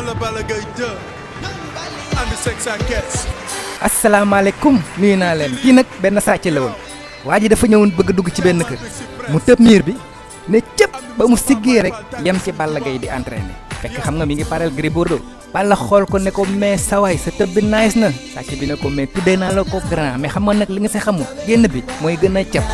man la Balla naa leen kii nag benn sàcc la waa ji dafa ñëwoon bëgg dugg ci benn kër mu tëb miir bi ne cëpp ba mu siggee rek yem ci Balla Gaye di entraîné fekk xam nga mi ngi pareel Gris Bordeaux. Balla xool ko ne ko mais sawaay sa tëb bi nice na sàcc bi ne ko mais tuddee naa la ko grand mais xam nga nag li nga si xamul génn bi mooy gën a cëpp.